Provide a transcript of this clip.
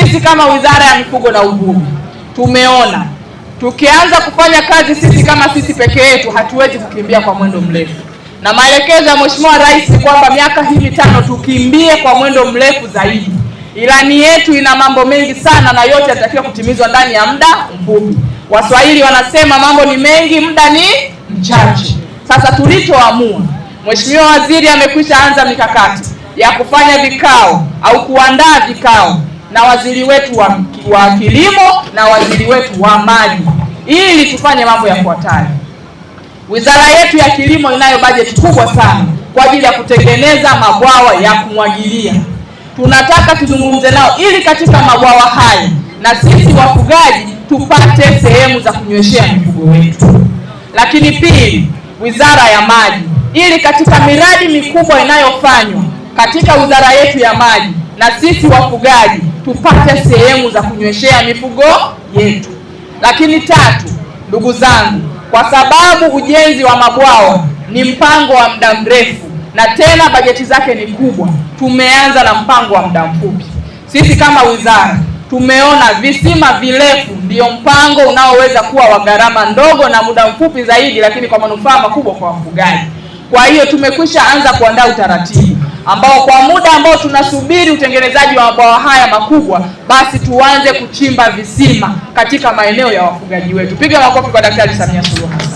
Sisi kama Wizara ya Mifugo na Uvuvi tumeona tukianza kufanya kazi sisi kama sisi peke yetu hatuwezi kukimbia kwa mwendo mrefu, na maelekezo ya Mheshimiwa Rais kwamba miaka hii mitano tukimbie kwa mwendo mrefu zaidi. Ilani yetu ina mambo mengi sana, na yote yatakiwa kutimizwa ndani ya muda mfupi. Waswahili wanasema mambo ni mengi, muda ni mchache. Sasa tulichoamua, Mheshimiwa Waziri amekwisha anza mikakati ya kufanya vikao au kuandaa vikao na waziri wetu wa, wa kilimo na waziri wetu wa maji ili tufanye mambo yafuatayo. Wizara yetu ya kilimo inayo bajeti kubwa sana kwa ajili ya kutengeneza mabwawa ya kumwagilia. Tunataka tuzungumze nao ili katika mabwawa haya na sisi wafugaji tupate sehemu za kunyweshea mifugo wetu. Lakini pili, wizara ya maji, ili katika miradi mikubwa inayofanywa katika wizara yetu ya maji na sisi wafugaji tupate sehemu za kunyweshea mifugo yetu. Lakini tatu, ndugu zangu, kwa sababu ujenzi wa mabwao ni mpango wa muda mrefu na tena bajeti zake ni kubwa, tumeanza na mpango wa muda mfupi. Sisi kama wizara tumeona visima virefu ndio mpango unaoweza kuwa wa gharama ndogo na muda mfupi zaidi, lakini kwa manufaa makubwa kwa wafugaji. Kwa hiyo tumekwisha anza kuandaa utaratibu ambao kwa muda ambao tunasubiri utengenezaji wa mabwawa haya makubwa, basi tuanze kuchimba visima katika maeneo ya wafugaji wetu. Piga makofi kwa Daktari Samia Suluhu Hassan.